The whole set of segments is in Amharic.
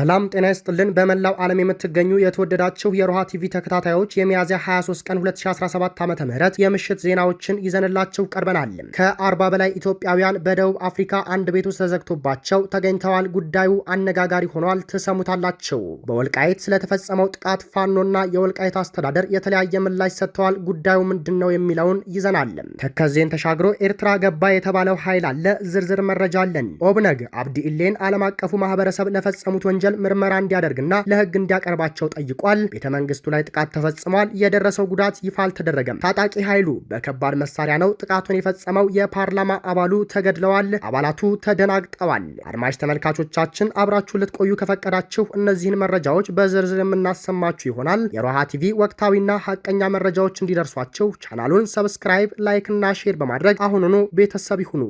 ሰላም ጤና ይስጥልን። በመላው ዓለም የምትገኙ የተወደዳችሁ የሮሃ ቲቪ ተከታታዮች የሚያዝያ 23 ቀን 2017 ዓ ም የምሽት ዜናዎችን ይዘንላችሁ ቀርበናል። ከ40 በላይ ኢትዮጵያውያን በደቡብ አፍሪካ አንድ ቤት ውስጥ ተዘግቶባቸው ተገኝተዋል። ጉዳዩ አነጋጋሪ ሆኗል። ትሰሙታላችሁ። በወልቃይት ስለተፈጸመው ጥቃት ፋኖና የወልቃይት አስተዳደር የተለያየ ምላሽ ሰጥተዋል። ጉዳዩ ምንድን ነው የሚለውን ይዘናል። ተከዜን ተሻግሮ ኤርትራ ገባ የተባለው ኃይል አለ። ዝርዝር መረጃ አለን። ኦብነግ አብዲ ኢሌን ዓለም አቀፉ ማህበረሰብ ለፈጸሙት ወንጀል ወንጀል ምርመራ እንዲያደርግና ለህግ እንዲያቀርባቸው ጠይቋል። ቤተ መንግስቱ ላይ ጥቃት ተፈጽሟል። የደረሰው ጉዳት ይፋ አልተደረገም። ታጣቂ ኃይሉ በከባድ መሳሪያ ነው ጥቃቱን የፈጸመው። የፓርላማ አባሉ ተገድለዋል። አባላቱ ተደናግጠዋል። አድማጭ ተመልካቾቻችን አብራችሁ ልትቆዩ ከፈቀዳችሁ እነዚህን መረጃዎች በዝርዝር የምናሰማችሁ ይሆናል። የሮሃ ቲቪ ወቅታዊና ሀቀኛ መረጃዎች እንዲደርሷችሁ ቻናሉን ሰብስክራይብ፣ ላይክ እና ሼር በማድረግ አሁኑኑ ቤተሰብ ይሁኑ።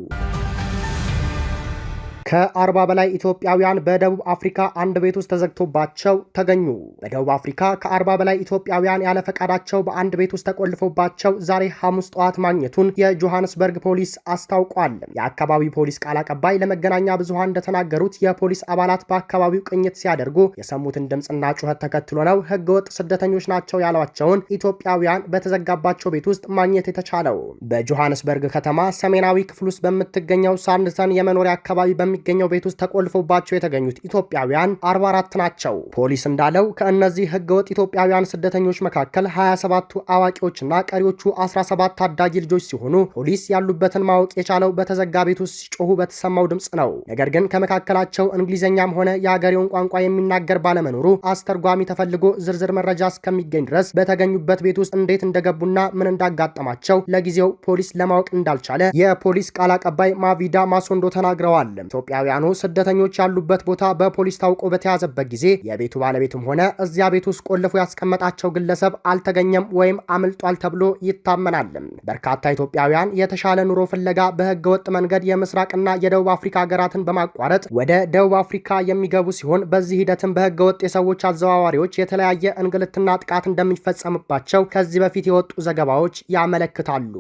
ከአርባ በላይ ኢትዮጵያውያን በደቡብ አፍሪካ አንድ ቤት ውስጥ ተዘግቶባቸው ተገኙ። በደቡብ አፍሪካ ከአርባ በላይ ኢትዮጵያውያን ያለ ፈቃዳቸው በአንድ ቤት ውስጥ ተቆልፎባቸው ዛሬ ሐሙስ ጠዋት ማግኘቱን የጆሃንስበርግ ፖሊስ አስታውቋል። የአካባቢው ፖሊስ ቃል አቀባይ ለመገናኛ ብዙሃን እንደተናገሩት የፖሊስ አባላት በአካባቢው ቅኝት ሲያደርጉ የሰሙትን ድምፅና ጩኸት ተከትሎ ነው ህገወጥ ስደተኞች ናቸው ያሏቸውን ኢትዮጵያውያን በተዘጋባቸው ቤት ውስጥ ማግኘት የተቻለው። በጆሃንስበርግ ከተማ ሰሜናዊ ክፍል ውስጥ በምትገኘው ሳንድተን የመኖሪያ አካባቢ በሚ በሚገኘው ቤት ውስጥ ተቆልፎባቸው የተገኙት ኢትዮጵያውያን 44 ናቸው። ፖሊስ እንዳለው ከእነዚህ ህገወጥ ኢትዮጵያውያን ስደተኞች መካከል 27ቱ አዋቂዎችና ቀሪዎቹ 17 ታዳጊ ልጆች ሲሆኑ ፖሊስ ያሉበትን ማወቅ የቻለው በተዘጋ ቤት ውስጥ ሲጮሁ በተሰማው ድምፅ ነው። ነገር ግን ከመካከላቸው እንግሊዝኛም ሆነ የአገሬውን ቋንቋ የሚናገር ባለመኖሩ አስተርጓሚ ተፈልጎ ዝርዝር መረጃ እስከሚገኝ ድረስ በተገኙበት ቤት ውስጥ እንዴት እንደገቡና ምን እንዳጋጠማቸው ለጊዜው ፖሊስ ለማወቅ እንዳልቻለ የፖሊስ ቃል አቀባይ ማቪዳ ማሶንዶ ተናግረዋል። ኢትዮጵያውያኑ ስደተኞች ያሉበት ቦታ በፖሊስ ታውቆ በተያዘበት ጊዜ የቤቱ ባለቤትም ሆነ እዚያ ቤት ውስጥ ቆልፎ ያስቀመጣቸው ግለሰብ አልተገኘም ወይም አምልጧል ተብሎ ይታመናል። በርካታ ኢትዮጵያውያን የተሻለ ኑሮ ፍለጋ በህገወጥ መንገድ የምስራቅና የደቡብ አፍሪካ ሀገራትን በማቋረጥ ወደ ደቡብ አፍሪካ የሚገቡ ሲሆን በዚህ ሂደትም በህገወጥ የሰዎች አዘዋዋሪዎች የተለያየ እንግልትና ጥቃት እንደሚፈጸምባቸው ከዚህ በፊት የወጡ ዘገባዎች ያመለክታሉ።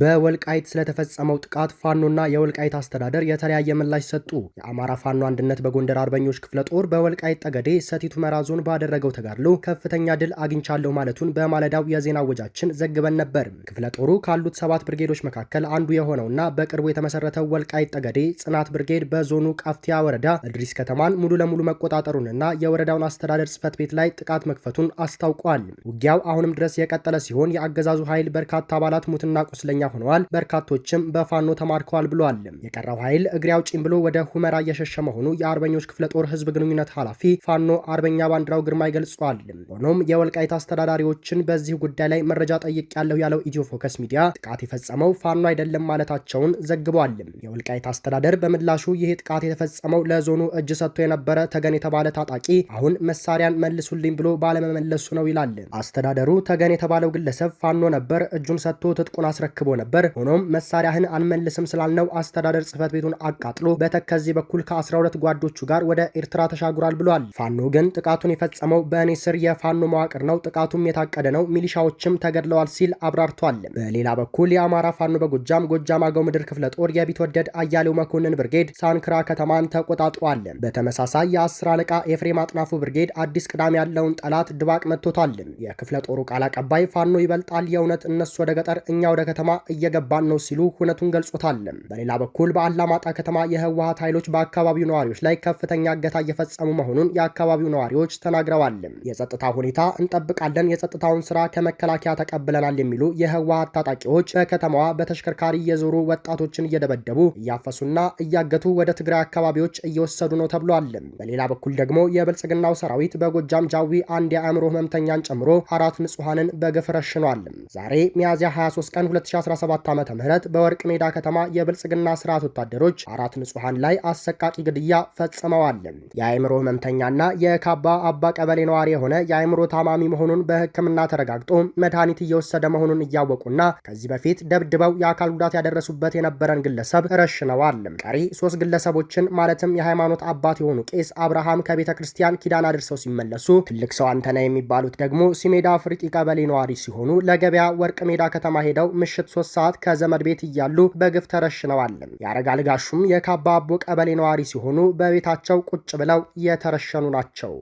በወልቃይት ስለተፈጸመው ጥቃት ፋኖና የወልቃይት አስተዳደር የተለያየ ምላሽ ሰጡ። የአማራ ፋኖ አንድነት በጎንደር አርበኞች ክፍለ ጦር በወልቃይት ጠገዴ ሰቲት ሁመራ ዞን ባደረገው ተጋድሎ ከፍተኛ ድል አግኝቻለሁ ማለቱን በማለዳው የዜና ወጃችን ዘግበን ነበር። ክፍለ ጦሩ ካሉት ሰባት ብርጌዶች መካከል አንዱ የሆነውና በቅርቡ የተመሰረተው ወልቃይት ጠገዴ ጽናት ብርጌድ በዞኑ ቃፍቲያ ወረዳ እድሪስ ከተማን ሙሉ ለሙሉ መቆጣጠሩንና የወረዳውን አስተዳደር ጽሕፈት ቤት ላይ ጥቃት መክፈቱን አስታውቋል። ውጊያው አሁንም ድረስ የቀጠለ ሲሆን የአገዛዙ ኃይል በርካታ አባላት ሙትና ቁስለኛ ቁስለኛ ሆነዋል፣ በርካቶችም በፋኖ ተማርከዋል ብሏል። የቀረው ኃይል እግሬ አውጪኝ ብሎ ወደ ሁመራ እየሸሸ መሆኑ የአርበኞች ክፍለ ጦር ህዝብ ግንኙነት ኃላፊ ፋኖ አርበኛ ባንዲራው ግርማ ይገልጸዋል። ሆኖም የወልቃይት አስተዳዳሪዎችን በዚህ ጉዳይ ላይ መረጃ ጠይቅ ያለው ኢትዮ ፎከስ ሚዲያ ጥቃት የፈጸመው ፋኖ አይደለም ማለታቸውን ዘግቧል። የወልቃይት አስተዳደር በምላሹ ይህ ጥቃት የተፈጸመው ለዞኑ እጅ ሰጥቶ የነበረ ተገን የተባለ ታጣቂ አሁን መሳሪያን መልሱልኝ ብሎ ባለመመለሱ ነው ይላል። አስተዳደሩ ተገን የተባለው ግለሰብ ፋኖ ነበር፣ እጁን ሰጥቶ ትጥቁን አስረክቧል ቀርቦ ነበር። ሆኖም መሳሪያህን አንመልስም ስላልነው አስተዳደር ጽህፈት ቤቱን አቃጥሎ በተከዜ በኩል ከ12 ጓዶቹ ጋር ወደ ኤርትራ ተሻግሯል ብሏል። ፋኖ ግን ጥቃቱን የፈጸመው በእኔ ስር የፋኖ መዋቅር ነው፣ ጥቃቱም የታቀደ ነው፣ ሚሊሻዎችም ተገድለዋል ሲል አብራርቷል። በሌላ በኩል የአማራ ፋኖ በጎጃም ጎጃም አገው ምድር ክፍለ ጦር የቢትወደድ አያሌው መኮንን ብርጌድ ሳንክራ ከተማን ተቆጣጥሯል። በተመሳሳይ የአስር አለቃ ኤፍሬም አጥናፉ ብርጌድ አዲስ ቅዳም ያለውን ጠላት ድባቅ መጥቶታል። የክፍለ ጦሩ ቃል አቀባይ ፋኖ ይበልጣል የእውነት እነሱ ወደ ገጠር እኛ ወደ ከተማ እየገባን ነው ሲሉ ሁነቱን ገልጾታል። በሌላ በኩል በአላማጣ ከተማ የህወሀት ኃይሎች በአካባቢው ነዋሪዎች ላይ ከፍተኛ እገታ እየፈጸሙ መሆኑን የአካባቢው ነዋሪዎች ተናግረዋል። የጸጥታ ሁኔታ እንጠብቃለን፣ የጸጥታውን ስራ ከመከላከያ ተቀብለናል የሚሉ የህወሀት ታጣቂዎች በከተማዋ በተሽከርካሪ የዞሩ ወጣቶችን እየደበደቡ እያፈሱና እያገቱ ወደ ትግራይ አካባቢዎች እየወሰዱ ነው ተብሏል። በሌላ በኩል ደግሞ የብልጽግናው ሰራዊት በጎጃም ጃዊ አንድ የአእምሮ ህመምተኛን ጨምሮ አራት ንጹሐንን በግፍ ረሽኗል። ዛሬ ሚያዝያ 23 ቀን 2017 ዓ ም በወርቅ ሜዳ ከተማ የብልጽግና ስርዓት ወታደሮች አራት ንጹሐን ላይ አሰቃቂ ግድያ ፈጽመዋል። የአእምሮ ህመምተኛና የካባ አባ ቀበሌ ነዋሪ የሆነ የአእምሮ ታማሚ መሆኑን በህክምና ተረጋግጦ መድኃኒት እየወሰደ መሆኑን እያወቁና ከዚህ በፊት ደብድበው የአካል ጉዳት ያደረሱበት የነበረን ግለሰብ ረሽነዋል። ቀሪ ሶስት ግለሰቦችን ማለትም የሃይማኖት አባት የሆኑ ቄስ አብርሃም ከቤተ ክርስቲያን ኪዳን አድርሰው ሲመለሱ፣ ትልቅ ሰው አንተና የሚባሉት ደግሞ ሲሜዳ አፍሪቂ ቀበሌ ነዋሪ ሲሆኑ ለገበያ ወርቅ ሜዳ ከተማ ሄደው ምሽት ሶስት ሰዓት ከዘመድ ቤት እያሉ በግፍ ተረሽነዋል። የአረጋ ልጋሹም የካባቦ ቀበሌ ነዋሪ ሲሆኑ በቤታቸው ቁጭ ብለው የተረሸኑ ናቸው።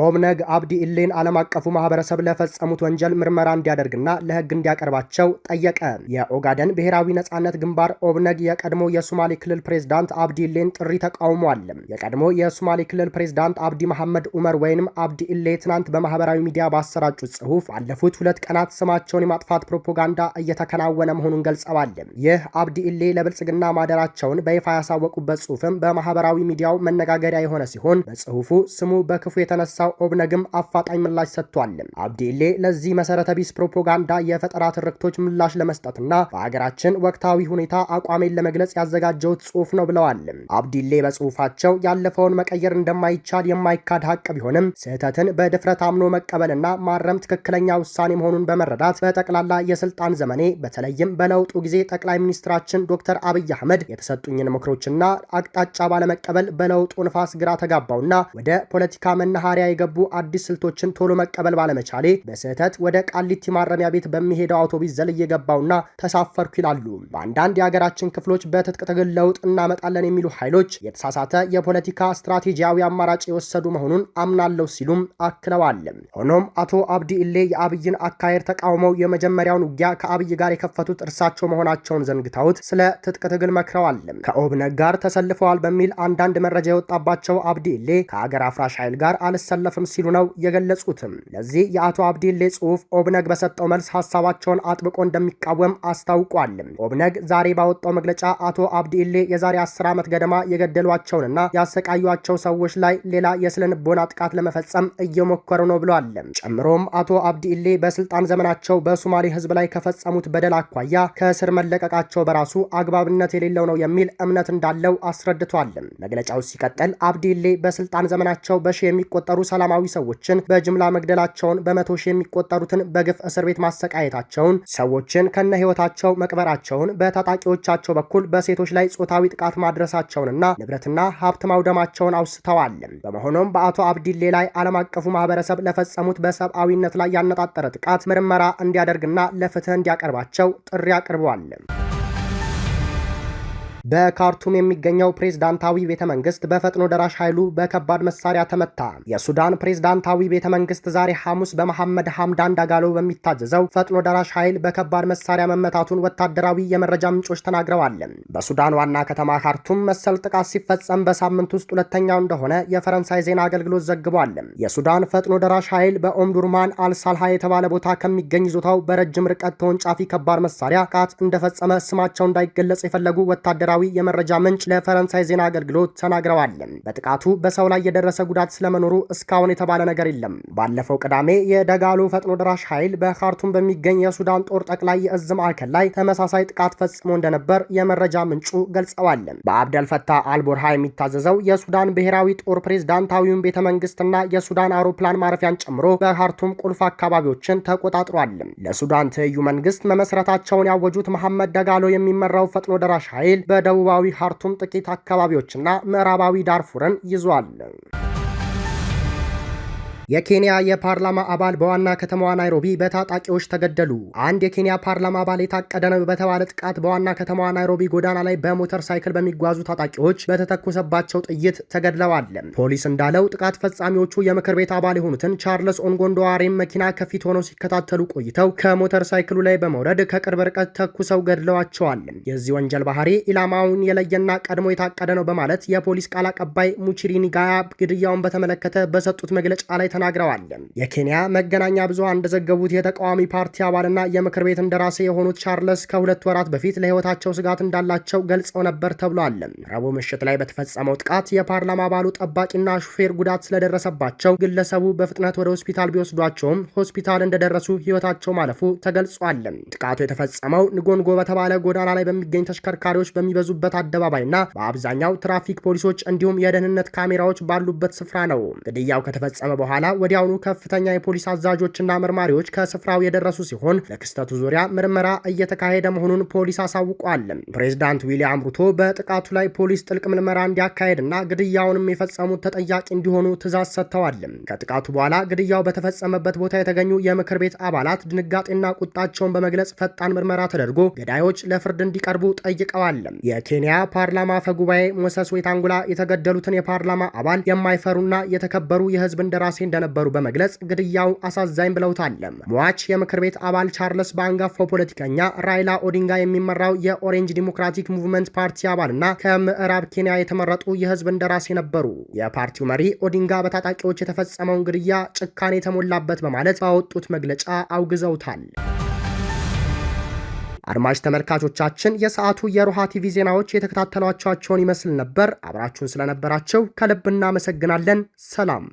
ኦብነግ አብዲ ኢሌን ዓለም አቀፉ ማህበረሰብ ለፈጸሙት ወንጀል ምርመራ እንዲያደርግና ለህግ እንዲያቀርባቸው ጠየቀ። የኦጋደን ብሔራዊ ነጻነት ግንባር ኦብነግ የቀድሞ የሶማሌ ክልል ፕሬዝዳንት አብዲ ኢሌን ጥሪ ተቃውሟል። የቀድሞ የሶማሌ ክልል ፕሬዝዳንት አብዲ መሐመድ ኡመር ወይንም አብዲ ኢሌ ትናንት በማህበራዊ ሚዲያ ባሰራጩት ጽሁፍ ባለፉት ሁለት ቀናት ስማቸውን የማጥፋት ፕሮፓጋንዳ እየተከናወነ መሆኑን ገልጸዋል። ይህ አብዲ ኢሌ ለብልጽግና ማደራቸውን በይፋ ያሳወቁበት ጽሁፍም በማህበራዊ ሚዲያው መነጋገሪያ የሆነ ሲሆን በጽሁፉ ስሙ በክፉ የተነሳ ያነሳው ኦብነግም አፋጣኝ ምላሽ ሰጥቷል። አብዲሌ ለዚህ መሰረተ ቢስ ፕሮፓጋንዳ የፈጠራ ትርክቶች ምላሽ ለመስጠትና በሀገራችን ወቅታዊ ሁኔታ አቋሜን ለመግለጽ ያዘጋጀውት ጽሁፍ ነው ብለዋል። አብዲሌ በጽሁፋቸው ያለፈውን መቀየር እንደማይቻል የማይካድ ሀቅ ቢሆንም ስህተትን በድፍረት አምኖ መቀበልና ማረም ትክክለኛ ውሳኔ መሆኑን በመረዳት በጠቅላላ የስልጣን ዘመኔ በተለይም በለውጡ ጊዜ ጠቅላይ ሚኒስትራችን ዶክተር አብይ አህመድ የተሰጡኝን ምክሮችና አቅጣጫ ባለመቀበል በለውጡ ንፋስ ግራ ተጋባውና ወደ ፖለቲካ መናኸሪያ የገቡ አዲስ ስልቶችን ቶሎ መቀበል ባለመቻሌ በስህተት ወደ ቃሊቲ ማረሚያ ቤት በሚሄደው አውቶቡስ ዘል እየገባውና ተሳፈርኩ ይላሉ። በአንዳንድ የሀገራችን ክፍሎች በትጥቅ ትግል ለውጥ እናመጣለን የሚሉ ኃይሎች የተሳሳተ የፖለቲካ ስትራቴጂያዊ አማራጭ የወሰዱ መሆኑን አምናለሁ ሲሉም አክለዋል። ሆኖም አቶ አብዲ ኢሌ የአብይን አካሄድ ተቃውመው የመጀመሪያውን ውጊያ ከአብይ ጋር የከፈቱት እርሳቸው መሆናቸውን ዘንግተውት ስለ ትጥቅ ትግል መክረዋል። ከኦብነግ ጋር ተሰልፈዋል በሚል አንዳንድ መረጃ የወጣባቸው አብዲ ኢሌ ከአገር አፍራሽ ኃይል ጋር አልሰለ አልተላለፍም ሲሉ ነው የገለጹትም። ለዚህ የአቶ አብዲሌ ጽሁፍ ኦብነግ በሰጠው መልስ ሀሳባቸውን አጥብቆ እንደሚቃወም አስታውቋል። ኦብነግ ዛሬ ባወጣው መግለጫ አቶ አብዲሌ የዛሬ አስር ዓመት ገደማ የገደሏቸውንና ያሰቃዩቸው ሰዎች ላይ ሌላ የስነ ልቦና ጥቃት ለመፈጸም እየሞከሩ ነው ብሏል። ጨምሮም አቶ አብዲሌ በስልጣን ዘመናቸው በሶማሌ ህዝብ ላይ ከፈጸሙት በደል አኳያ ከእስር መለቀቃቸው በራሱ አግባብነት የሌለው ነው የሚል እምነት እንዳለው አስረድቷል። መግለጫው ሲቀጥል አብዲሌ በስልጣን ዘመናቸው በሺ የሚቆጠሩ ሰላማዊ ሰዎችን በጅምላ መግደላቸውን፣ በመቶ ሺህ የሚቆጠሩትን በግፍ እስር ቤት ማሰቃየታቸውን፣ ሰዎችን ከነ ህይወታቸው መቅበራቸውን፣ በታጣቂዎቻቸው በኩል በሴቶች ላይ ጾታዊ ጥቃት ማድረሳቸውንና ንብረትና ሀብት ማውደማቸውን አውስተዋል። በመሆኑም በአቶ አብዲሌ ላይ ዓለም አቀፉ ማህበረሰብ ለፈጸሙት በሰብአዊነት ላይ ያነጣጠረ ጥቃት ምርመራ እንዲያደርግና ለፍትህ እንዲያቀርባቸው ጥሪ አቅርበዋል። በካርቱም የሚገኘው ፕሬዝዳንታዊ ቤተ መንግስት በፈጥኖ ደራሽ ኃይሉ በከባድ መሳሪያ ተመታ። የሱዳን ፕሬዝዳንታዊ ቤተ መንግስት ዛሬ ሐሙስ በመሐመድ ሐምዳን ዳጋሎ በሚታዘዘው ፈጥኖ ደራሽ ኃይል በከባድ መሳሪያ መመታቱን ወታደራዊ የመረጃ ምንጮች ተናግረዋል። በሱዳን ዋና ከተማ ካርቱም መሰል ጥቃት ሲፈጸም በሳምንት ውስጥ ሁለተኛው እንደሆነ የፈረንሳይ ዜና አገልግሎት ዘግቧል። የሱዳን ፈጥኖ ደራሽ ኃይል በኦምዱርማን አልሳልሃ የተባለ ቦታ ከሚገኝ ይዞታው በረጅም ርቀት ተወንጫፊ ከባድ መሳሪያ ጥቃት እንደፈጸመ ስማቸው እንዳይገለጽ የፈለጉ ወታደራ ብሔራዊ የመረጃ ምንጭ ለፈረንሳይ ዜና አገልግሎት ተናግረዋል። በጥቃቱ በሰው ላይ የደረሰ ጉዳት ስለመኖሩ እስካሁን የተባለ ነገር የለም። ባለፈው ቅዳሜ የደጋሎ ፈጥኖ ደራሽ ኃይል በካርቱም በሚገኝ የሱዳን ጦር ጠቅላይ የእዝ ማዕከል ላይ ተመሳሳይ ጥቃት ፈጽሞ እንደነበር የመረጃ ምንጩ ገልጸዋል። በአብደልፈታ አልቦርሃ የሚታዘዘው የሱዳን ብሔራዊ ጦር ፕሬዝዳንታዊውን ቤተ መንግስትና የሱዳን አውሮፕላን ማረፊያን ጨምሮ በካርቱም ቁልፍ አካባቢዎችን ተቆጣጥሯል። ለሱዳን ትይዩ መንግስት መመስረታቸውን ያወጁት መሐመድ ደጋሎ የሚመራው ፈጥኖ ደራሽ ኃይል በ በደቡባዊ ሀርቱም ጥቂት አካባቢዎችና ምዕራባዊ ዳርፉርን ይዟል። የኬንያ የፓርላማ አባል በዋና ከተማዋ ናይሮቢ በታጣቂዎች ተገደሉ። አንድ የኬንያ ፓርላማ አባል የታቀደ ነው በተባለ ጥቃት በዋና ከተማዋ ናይሮቢ ጎዳና ላይ በሞተር ሳይክል በሚጓዙ ታጣቂዎች በተተኮሰባቸው ጥይት ተገድለዋል። ፖሊስ እንዳለው ጥቃት ፈጻሚዎቹ የምክር ቤት አባል የሆኑትን ቻርልስ ኦንጎንዶዋሬም መኪና ከፊት ሆነው ሲከታተሉ ቆይተው ከሞተር ሳይክሉ ላይ በመውረድ ከቅርብ ርቀት ተኩሰው ገድለዋቸዋል። የዚህ ወንጀል ባህሪ ኢላማውን የለየና ቀድሞ የታቀደ ነው በማለት የፖሊስ ቃል አቀባይ ሙቺሪኒጋያ ግድያውን በተመለከተ በሰጡት መግለጫ ላይ ተናግረዋል። የኬንያ መገናኛ ብዙሃን እንደዘገቡት የተቃዋሚ ፓርቲ አባልና የምክር ቤት እንደራሴ የሆኑት ቻርለስ ከሁለት ወራት በፊት ለህይወታቸው ስጋት እንዳላቸው ገልጸው ነበር ተብሏል። ረቡዕ ምሽት ላይ በተፈጸመው ጥቃት የፓርላማ አባሉ ጠባቂና ሹፌር ጉዳት ስለደረሰባቸው ግለሰቡ በፍጥነት ወደ ሆስፒታል ቢወስዷቸውም ሆስፒታል እንደደረሱ ህይወታቸው ማለፉ ተገልጿል። ጥቃቱ የተፈጸመው ንጎንጎ በተባለ ጎዳና ላይ በሚገኝ ተሽከርካሪዎች በሚበዙበት አደባባይና በአብዛኛው ትራፊክ ፖሊሶች እንዲሁም የደህንነት ካሜራዎች ባሉበት ስፍራ ነው። ግድያው ከተፈጸመ በኋላ ወዲያውኑ ከፍተኛ የፖሊስ አዛዦችና መርማሪዎች ከስፍራው የደረሱ ሲሆን በክስተቱ ዙሪያ ምርመራ እየተካሄደ መሆኑን ፖሊስ አሳውቋል። ፕሬዚዳንት ዊሊያም ሩቶ በጥቃቱ ላይ ፖሊስ ጥልቅ ምርመራ እንዲያካሄድና ግድያውንም የፈጸሙት ተጠያቂ እንዲሆኑ ትዕዛዝ ሰጥተዋል። ከጥቃቱ በኋላ ግድያው በተፈጸመበት ቦታ የተገኙ የምክር ቤት አባላት ድንጋጤና ቁጣቸውን በመግለጽ ፈጣን ምርመራ ተደርጎ ገዳዮች ለፍርድ እንዲቀርቡ ጠይቀዋል። የኬንያ ፓርላማ አፈጉባኤ ሞሰስ ዌታንጉላ የተገደሉትን የፓርላማ አባል የማይፈሩና የተከበሩ የህዝብ እንደራሴ እንደነበሩ በመግለጽ ግድያው አሳዛኝ ብለውታል። ሟች የምክር ቤት አባል ቻርልስ በአንጋፋው ፖለቲከኛ ራይላ ኦዲንጋ የሚመራው የኦሬንጅ ዲሞክራቲክ ሙቭመንት ፓርቲ አባልና ከምዕራብ ኬንያ የተመረጡ የህዝብ እንደራሴ ነበሩ። የፓርቲው መሪ ኦዲንጋ በታጣቂዎች የተፈጸመውን ግድያ ጭካኔ የተሞላበት በማለት ባወጡት መግለጫ አውግዘውታል። አድማጭ ተመልካቾቻችን የሰዓቱ የሮሃ ቲቪ ዜናዎች የተከታተሏቸኋቸውን ይመስል ነበር። አብራችሁን ስለነበራቸው ከልብ እናመሰግናለን። ሰላም